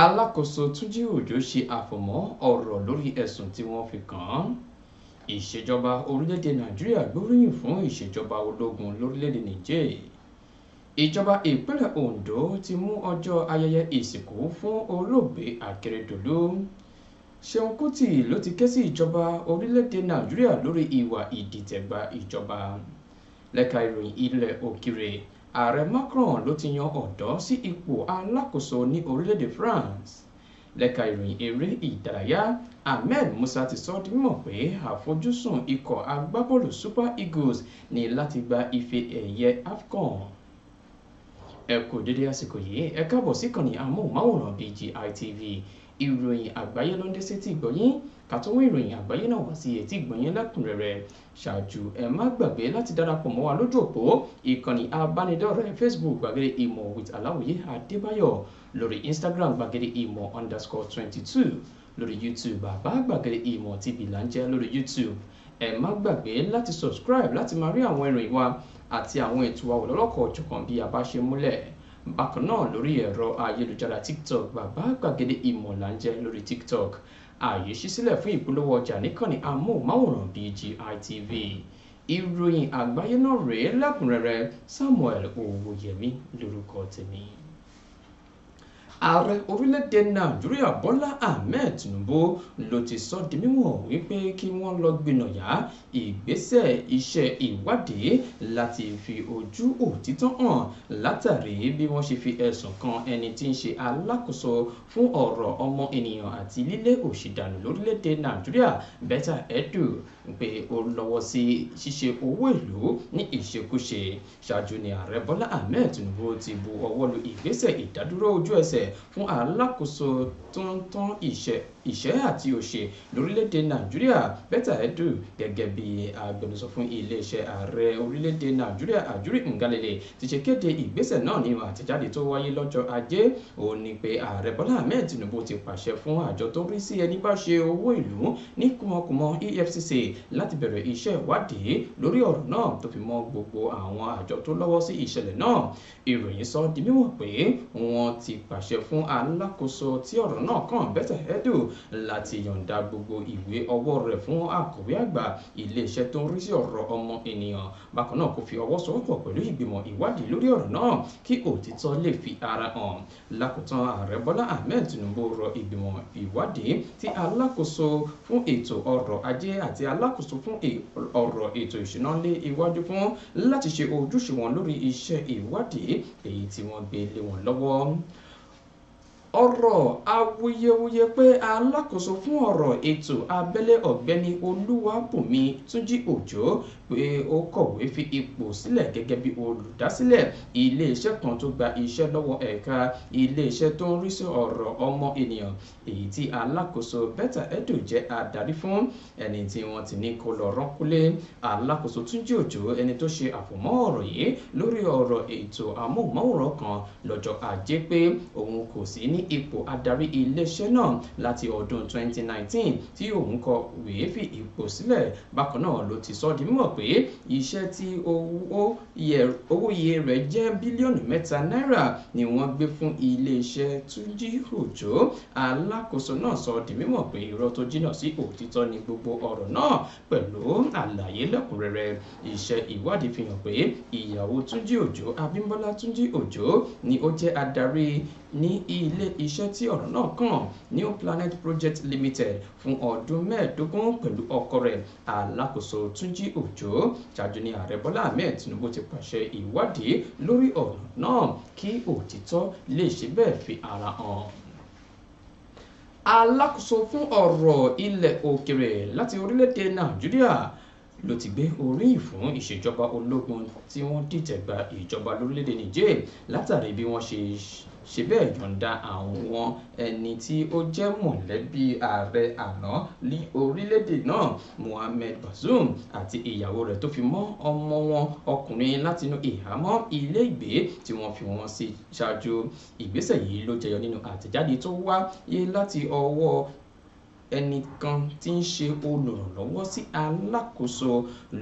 alákòóso túnjí òjò ṣe àfọ̀mọ́ ọ̀rọ̀ lórí ẹ̀sùn tí wọ́n fi kàn án ìṣèjọba orílẹ̀-èdè nàìjíríà gbóríyìn fún ìṣèjọba ológun lórílẹ̀-èdè niger ìjọba ìpínlẹ̀ ondo ti mú ọjọ́ ayẹyẹ ìsìnkú fún olóògbé akérèdọ́lù ṣeun kútì ló ti ké sí ìjọba orílẹ̀-èdè nàìjíríà lórí ìwà ìdìtẹ̀gbà ìjọba lẹ́ka ìròyìn ilẹ̀ òkìrè ààrẹ Macron ló ti yan ọ̀dọ́ sí ipò alákòóso ní orílẹ̀-èdè France lẹ́ka ìròyìn eré ìdárayá Ahmed Musa ti sọ ọ́ di mímọ̀ pé àfojúsùn ikọ̀ agbábọ́ọ̀lù Super Eagles ní láti gba ife ẹ̀yẹ AFCON ẹ kú dédé àsìkò yìí ẹ káàbọ̀ síkànnì amóhùnmáwòrán BGI TV ìròyìn àgbáyé ló ń dé sí ti ìgbọ̀yìn ká tó wọ́n ìròyìn àgbáyé náà wá sí etí ìgbọ̀yìn lẹ́kùnrẹ́rẹ́ ṣáájú ẹ má gbàgbé láti darapọ̀ mọ́ wa lójú òpó ìkànnì abánidọ́rẹ̀ẹ́ facebook gbàgede ìmọ̀ with aláwòye adébáyọ̀ lórí instagram gbàgede ìmọ̀ underscore twenty two lórí youtube bàbá gbàgede ìmọ̀ tv là lórí youtube ẹ má gbàgbé láti subscribe láti máa rí àwọn ìròyìn wa àti àwọn ètò àwòlọ́lọ́kọ̀ ọ̀jọ̀kan bí a bá ṣe múlẹ̀ bákan náà lórí ẹ̀rọ ayélujára tiktok bàbá gbàgede ìmọ̀ là ń lórí tiktok ààyè ṣí sílẹ̀ fún ìpolówó ọjà níkànnì amóhùnmáwòrán BGI TV ìròyìn àgbáyé náà rèé lẹ́kùnrẹ́rẹ́ Samuel Owóyẹmí lórúkọ tèmi ààrẹ orílẹ̀-èdè nàìjíríà bọ́lá ahmed tinubu ló ti sọ di mímọ̀ wípé kí wọ́n lọ gbìnàyà ìgbésẹ̀ iṣẹ́ ìwádìí láti fi ojú òtítọ́ hàn látàrí bí wọ́n ṣe fi ẹ̀sùn kan ẹni tí ń ṣe alákòóso fún ọ̀rọ̀ ọmọ ènìyàn àti lílé òṣì lórílẹ̀-èdè nàìjíríà bẹ́tà edu pé ó lọ́wọ́ sí ṣíṣe owó ìlú ní ìṣekúṣe ṣáájú ni ààrẹ bọ́lá ahmed tinubu ti bu ọwọ́ lu ìgbésẹ̀ ìdádúró ojú ẹsẹ̀ fún alákòóso tó ń tán ìṣẹ́ ìṣẹ́ àti òṣè lórílẹ̀‐èdè nàìjíríà Betta Edu gẹ́gẹ́ bí agbẹnusọ fún iléeṣẹ́ ààrẹ orílẹ̀‐èdè nàìjíríà Ajuri Ngalale ti ṣe kéde ìgbésẹ̀ náà nínú àtẹ̀jáde tó wáyé lọ́jọ́ ajé ó ní pé ààrẹ bọ́lá ahmed tinubu ti pàṣẹ fún àjọ tó rí sí ẹni bá ṣe owó ìlú ní kùmọ̀kùmọ̀ efcc láti bẹ̀rẹ̀ iṣẹ́ ìwádìí lórí ọ̀rọ̀ náà tó fi mọ́ gbogbo àwọn àjọ tó lọ́wọ́ sí ìṣẹ̀lẹ̀ náà ìròyìn sọ di mímọ̀ pé wọ́n ti pàṣẹ fún alákòóso tí ọ̀rọ̀ náà kàn Betta Edu láti yọ̀ǹda gbogbo ìwé ọwọ́ rẹ̀ fún akọ̀wé àgbà iléeṣẹ́ tó ń rí sí ọ̀rọ̀ ọmọ ènìyàn bákan náà kò fi ọwọ́ sọ́wọ́pọ̀ pẹ̀lú ìgbìmọ̀ ìwádìí lórí ọ̀rọ̀ náà kí òtítọ́ lè fi ara hàn lákòótán ààrẹ bọ́lá ahmed tinubu rọ ìgbìmọ̀ ìwádìí tí alákòóso fún ètò ọrọ̀ ajé àti alákòóso fún ọrọ̀ ètò ìṣúná lé iwájú fún láti ṣe ojúṣe wọn lórí iṣẹ́ ìwádìí èyí tí wọ́n gbé lé wọn lọ́wọ́ ọ̀rọ̀ awuyewuye pé alákòóso fún ọ̀rọ̀ ètò abẹ́lé ọ̀gbẹ́ni olúwàbùnmi túnjí òjó pé ó kọ̀wé fi ipò sílẹ̀ gẹ́gẹ́ bí olùdásílẹ̀ iléeṣẹ́ kan tó gba iṣẹ́ lọ́wọ́ ẹ̀ka iléeṣẹ́ tó ń rí sí ọ̀rọ̀ ọmọ ènìyàn èyí tí alákòóso Betta Edu jẹ́ adarí fún ẹni tí wọ́n ti ní kó lọ rọ́kúlé alákòóso Túnjí Òjó ẹni tó ṣe àfòmọ́ ọ̀rọ̀ yìí lórí ọ̀rọ̀ ètò amóhùnmáwòrán kan lọ́jọ́ ajé pé òun kò sí ní ipò adarí iléeṣẹ́ náà láti ọdún 2019 tí òun kọ̀wé fi ipò sílẹ̀ bákan náà ló ti sọ di mímọ̀ pé pé iṣẹ́ tí owó iye rẹ̀ jẹ́ bílíọ̀nù mẹ́ta náírà ni wọ́n gbé fún iléeṣẹ́ Túnjí Òjó alákòóso náà sọ di mímọ̀ pé irọ́ tó jìnnà sí òtítọ́ ni gbogbo ọ̀rọ̀ náà pẹ̀lú àlàyé lẹ́kùnrẹ́rẹ́ iṣẹ́ ìwádìí fi hàn pé ìyàwó Túnjí Òjó Abímbọ́lá Túnjí Òjó ni ó jẹ́ adarí ní ilé iṣẹ́ tí ọ̀rọ̀ náà kàn New Planet Project Limited fún ọdún mẹ́ẹ̀ẹ́dógún pẹ̀lú ọkọ rẹ̀ alákòóso Túnjí Òjó ṣáájú ni ààrẹ Bọ́lá Ahmed Tinubu ti pàṣẹ ìwádìí lórí ọ̀rọ̀ náà kí òtítọ́ lè ṣe bẹ́ẹ̀ fi ara hàn alákòóso fún ọ̀rọ̀ ilẹ̀ òkèrè láti orílẹ̀-èdè Nàìjíríà ló ti gbé oríyìn fún ìṣèjọba ológun tí wọ́n dìtẹ̀ gba ìjọba lórílẹ̀‐èdè Niger látàrí bí wọ́n ṣe ṣe bẹ́ẹ̀ yọ̀ǹda àwọn ẹni tí ó jẹ́ mọ̀lẹ́bí ààrẹ àná ní orílẹ̀-èdè náà Mohammed Bazoum àti ìyàwó rẹ̀ tó fi mọ́ ọmọ wọn ọkùnrin látinú ìhámọ́ ilé ìgbé tí wọ́n fi wọ́n sí ṣáájú ìgbésẹ̀ yìí ló jẹyọ nínú àtẹ̀jáde tó wáyé láti ọwọ́ ẹnìkan tí ń ṣe olùrànlọ́wọ́ sí alákòóso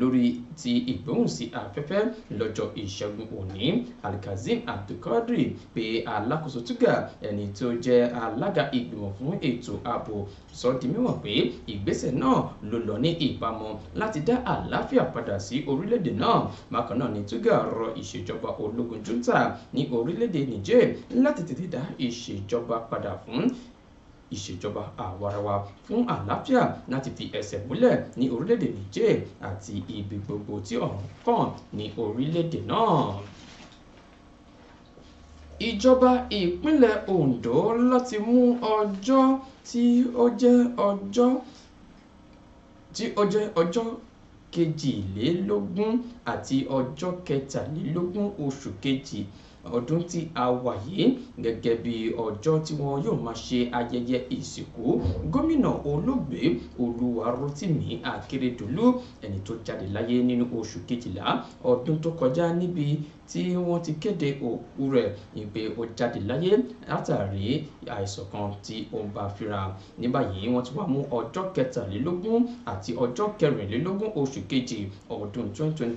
lórí ti ìgbóhùnsí afẹ́fẹ́ lọ́jọ́ ìṣẹ́gun òní alkazeem abdulkadir pé alákòóso tuga ẹni tó jẹ́ alága ìgbìmọ̀ fún ètò ààbò sọ di mímọ̀ pé ìgbésẹ̀ náà ló lọ ní ìbámu láti dá àlàáfíà padà sí orílẹ̀-èdè náà bákan náà ni tuga rọ ìṣèjọba ológun junta ní orílẹ̀-èdè niger láti tètè dá ìṣèjọba padà fún ìṣèjọba àwarawa fún àlàáfíà láti fi ẹsẹ̀ múlẹ̀ ní orílẹ̀-èdè Niger àti ibi gbogbo tí ọ̀rọ̀ kàn ní orílẹ̀-èdè náà ìjọba ìpínlẹ̀ Ondo láti mú ọjọ́ tí ó jẹ́ ọjọ́ tí ó jẹ́ ọjọ́ kejìlélógún àti ọjọ́ kẹtàlélógún oṣù kejì ọdún tí a wà yìí gẹ́gẹ́ bí ọjọ́ tí wọn yóò máa ṣe ayẹyẹ ìsìnkú gómìnà olóògbé olúwarótìmí akérèdọ́lù ẹni tó jáde láyé nínú oṣù kejìlá ọdún tó kọjá níbi tí wọ́n ti kéde òkú rẹ̀ ìpè ó jáde láyé látàrí àìsàn kan tí ó ń bá fínra ní báyìí wọ́n ti wá mú ọjọ́ kẹtàlélógún àti ọjọ́ kẹrìnlélógún oṣù kejì ọdún 2024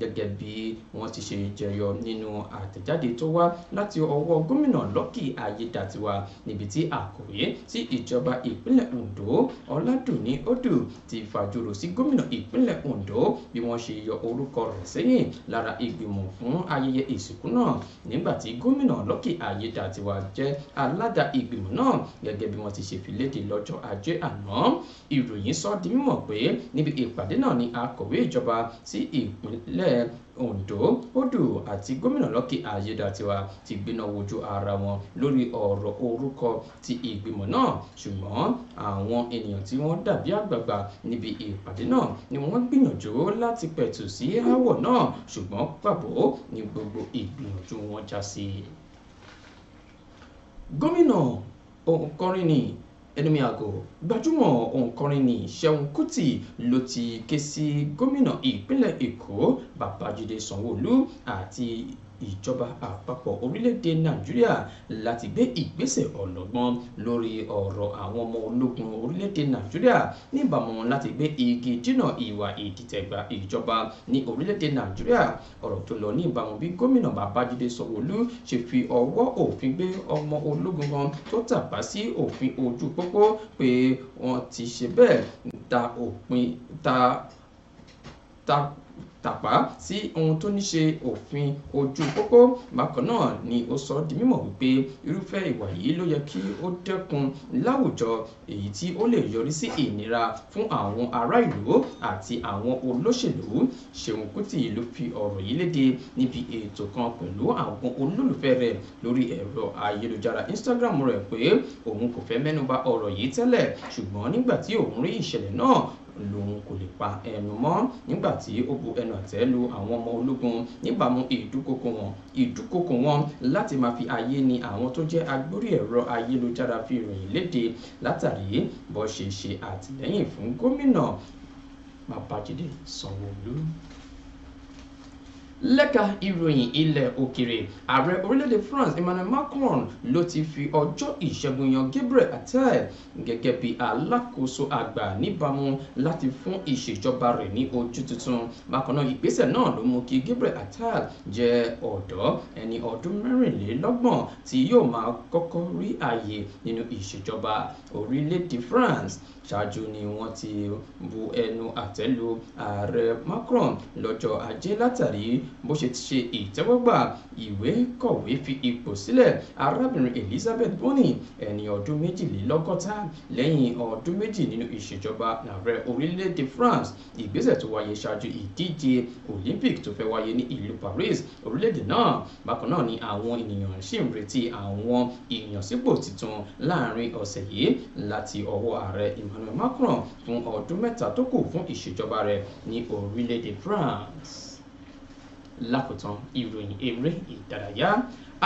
gẹ́gẹ́ bí wọ́n ti ṣe jẹyọ nínú àtẹ̀jáde tó wá láti ọwọ́ gómìnà Lucky Ayédàtiwa níbi tí àkòrí tí ìjọba ìpínlẹ̀ Ondo Ọládùnní Odù ti fàjùrò sí gómìnà ìpínlẹ̀ Ondo bí wọ́n ṣe yọ orúkọ rẹ̀ sẹ́yìn lára ìgbìmọ̀ fún ayẹyẹ ìsìnkú náà nígbà tí gómìnà Lucky Aiyedatiwa jẹ́ alága ìgbìmọ̀ náà gẹ́gẹ́ bí wọ́n ti ṣe fi lọ́jọ́ ajé àná ìròyìn sọ di mímọ̀ pé níbi ìpàdé náà ni akọ̀wé ìjọba sí ìpínlẹ̀ Ondo Odu àti gómìnà Lucky Ayédàtiwa ti gbéná wojú ara wọn lórí ọ̀rọ̀ orúkọ ti ìgbìmọ̀ náà ṣùgbọ́n àwọn ènìyàn tí wọ́n dàbí àgbààgbà níbi ìpàdé náà ni wọ́n gbìyànjú láti pẹ̀tù sí aáwọ̀ náà ṣùgbọ́n pàbó ni gbogbo ìgbìyànjú wọn já sí. gómìnà òǹkọrin ni ẹnumí àgọ́ gbajúmọ̀ òǹkọrin ní Ṣẹun Kútì ló ti ké sí gómìnà ìpínlẹ̀ Èkó Babájídé sanwó àti ìjọba àpapọ̀ orílẹ̀-èdè nàìjíríà láti gbé ìgbésẹ̀ ọlọ́gbọ́n lórí ọ̀rọ̀ àwọn ọmọ ológun orílẹ̀-èdè nàìjíríà níbàámu láti gbé igi dínà ìwà ìdìtẹ̀gbà ìjọba ní orílẹ̀-èdè nàìjíríà ọ̀rọ̀ tó lọ ní ìbámu bí gómìnà babájídé sanwóolu ṣe fi ọwọ́ òfin gbé ọmọ ológun kan tó tàpá sí òfin ojú pópó pé wọ́n ti ṣe bẹ́ẹ̀ ta òpin ta ta tàpá sí ohun tó ní ṣe òfin ojú pópó bákan náà ni ó sọ di mímọ̀ wípé irúfẹ́ ìwà yìí ló yẹ kí ó dẹ́kun láwùjọ èyí tí ó lè yọrí sí ìnira fún àwọn ará ìlú àti àwọn olóṣèlú Ṣeun Kútì ló fi ọ̀rọ̀ yìí léde níbi ètò kan pẹ̀lú àwọn olólùfẹ́ rẹ̀ lórí ẹ̀rọ ayélujára Instagram rẹ̀ pé òun kò fẹ́ mẹ́nuba ọ̀rọ̀ yìí tẹ́lẹ̀ ṣùgbọ́n nígbà tí òun rí ìṣẹ̀lẹ̀ náà lòun kò lè pa ẹnu mọ́ nígbà tí ó bu ẹnu àtẹ́ lu àwọn ọmọ ológun níbàámu ìdúkokò wọn ìdúkokò wọn láti máa fi ayé ni àwọn tó jẹ́ agbórí ẹ̀rọ ayélujára fi ìròyìn léde látàrí bó ṣe ṣe àtìlẹ́yìn fún gómìnà Babájídé Sanwó-Olú lẹ́ka ìròyìn ilẹ̀ òkèrè ààrẹ orílẹ̀-èdè France Emmanuel Macron ló ti fi ọjọ́ ìṣẹ́gun yan Gabriel Attal gẹ́gẹ́ bí alákòóso àgbà níbàámu láti fún ìṣèjọba rẹ̀ ní ojú tuntun bákan náà ìgbésẹ̀ náà ló mú kí Gabriel Attal jẹ́ ọ̀dọ́ ẹni ọdún mẹ́rìnlélọ́gbọ̀n tí yóò máa kọ́kọ́ rí ààyè nínú ìṣèjọba orílẹ̀-èdè France ṣáájú ni wọ́n ti bu ẹnu àtẹ́ lu ààrẹ Macron lọ́jọ́ ajé látàrí bó ṣe ṣe ìtẹ́wọ́gbà ìwé kọ̀wé fi ipò sílẹ̀ arábìnrin Elizabeth Boni ẹni ọdún méjìlélọ́gọ́ta lẹ́yìn ọdún méjì nínú ìṣèjọba ààrẹ orílẹ̀-èdè France ìgbésẹ̀ tó wáyé ṣáájú ìdíje Olympic tó fẹ́ wáyé ní ìlú Paris orílẹ̀-èdè náà bákan náà ni àwọn ènìyàn ṣì ń retí àwọn ìyànsípò tuntun láàrin ọ̀sẹ̀ yìí láti ọwọ́ ààrẹ Emmanuel Macron fún ọdún mẹ́ta tó kù fún ìṣèjọba rẹ̀ ní orílẹ̀-èdè France lákòótán ìròyìn eré ìdárayá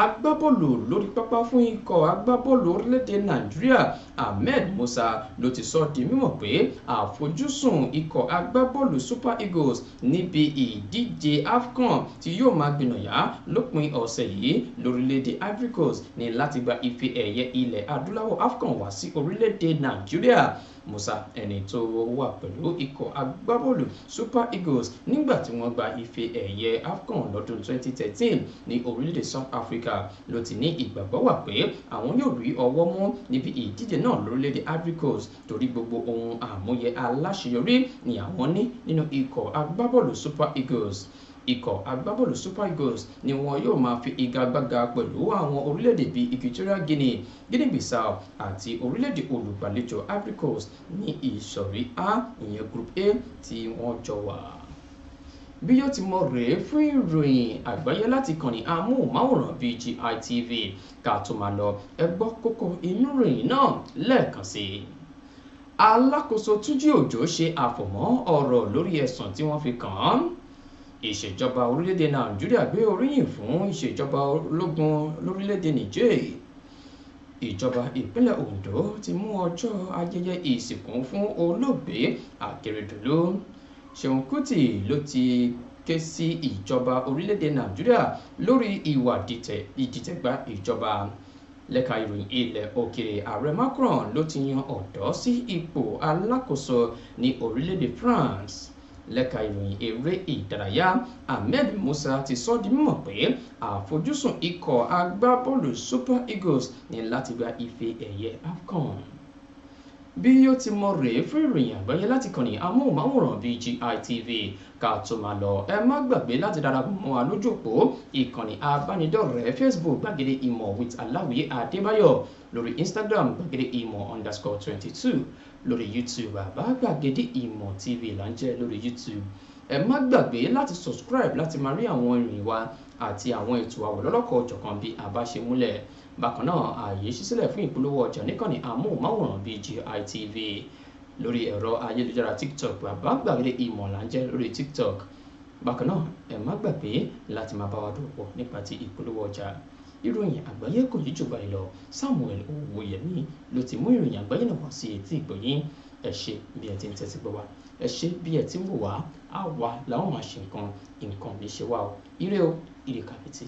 agbábọ́ọ̀lù lórí pápá fún ikọ̀ agbábọ́ọ̀lù orílẹ̀-èdè nàìjíríà ahmed musa ló ti sọ di mímọ̀ pé àfojúsùn ikọ̀ agbábọ́ọ̀lù super eagles níbi ìdíje afcon tí yóò máa gbìnàyà lópin ọ̀sẹ̀ yìí lórílẹ̀-èdè ivory coast ní láti gba ife ẹ̀yẹ ilẹ̀ adúláwọ̀ afcon wá sí orílẹ̀-èdè nàìjíríà Musa ẹni tó wà pẹ̀lú ikọ̀ agbábọ́ọ̀lù Super Eagles nígbà tí wọ́n gba ife ẹ̀yẹ AFCON lọ́dún 2013 ní orílẹ̀-èdè South Africa ló ti ní ìgbàgbọ́ wà pé àwọn yóò rí ọwọ́ mú níbi ìdíje náà lórílẹ̀-èdè Ivory Coast torí gbogbo ohun àmúyẹ aláṣeyọrí ni àwọn ní nínú ikọ̀ agbábọ́ọ̀lù Super Eagles ikọ̀ agbábọ́ọ̀lù Super Eagles ni wọn yóò máa fi igagbága pẹ̀lú àwọn orílẹ̀-èdè bíi Equatorial Guinea Guinea Bissau àti orílẹ̀-èdè olùgbàlejò Ivory Coast ní ìsọ̀rí A ìyẹn Group A tí wọ́n jọ wà bí yóò ti mọ rèé fún ìròyìn àgbáyé láti kànnì amóhùnmáwòrán BGI TV ká tó máa lọ ẹ gbọ́ kókó inú ìròyìn náà lẹ́ẹ̀kan sí i alákòóso Túnjí Òjó ṣe àfọ̀mọ́ ọ̀rọ̀ lórí ẹ̀sùn tí wọ́n fi kàn án ìṣèjọba orílẹ̀-èdè nàìjíríà gbé oríyìn fún ìṣèjọba ológun lórílẹ̀-èdè niger ìjọba ìpínlẹ̀ ondo ti mú ọjọ́ ayẹyẹ ìsìnkú fún olóògbé akérèdọ́lù ṣeun kútì ló ti ké sí ìjọba orílẹ̀-èdè nàìjíríà lórí ìwà ìdìtẹ̀gbà ìjọba lẹ́ka ìròyìn ilẹ̀ òkèèrè ààrẹ macron ló ti yan ọ̀dọ́ sí ipò alákòóso ní orílẹ̀-èdè france lẹ́ka ìròyìn eré ìdárayá Ahmed Musa ti sọ di mímọ̀ pé àfojúsùn ikọ̀ agbábọ́ọ̀lù Super Eagles ní láti gba ife ẹ̀yẹ AFCON bí yóò ti mọ rèé fún ìròyìn àgbáyé láti kànnì amóhùnmáwòrán BGI TV ká tó máa lọ ẹ má gbàgbé láti darapọ̀ mọ́ wa lójú òpó ìkànnì abánidọ́rẹ̀ẹ́ Facebook gbàgede ìmọ̀ with aláwìyé adébáyọ̀ lórí Instagram gbàgede ìmọ̀ underscore twenty two lórí YouTube Bàbá Gbàgede Ìmọ̀ TV là ń jẹ́ lórí YouTube ẹ má gbàgbé láti subscribe láti máa rí àwọn ìrìn wa àti àwọn ètò àwọ̀ lọ́lọ́kọ̀ ọ̀jọ̀kan bí àbáṣemúlẹ̀ bákan náà ààyè ṣí sílẹ̀ fún ìpolówó ọjà níkànnì amóhùnmáwòrán BGI TV lórí ẹ̀rọ ayélujára TikTok Bàbá Gbàgede Ìmọ̀ là ń jẹ́ lórí TikTok bákan náà ẹ má gbàgbé láti máa bá wa dòwò nípa ti ìpolówó ọjà ìròyìn àgbáyé kò ní jù báyìí lọ Samuel Owóyẹmí ló ti mú ìròyìn àgbáyé náà wá sí etí ìgbọ̀yìn ẹ ṣé bí ẹ ti ń tẹ́tí gbọ́ wa ẹ ṣé bí ẹ ti ń wò wá àwa làwọn máa ṣe nǹkan nǹkan ní ṣe wá o ire o ìrìkàbìtì.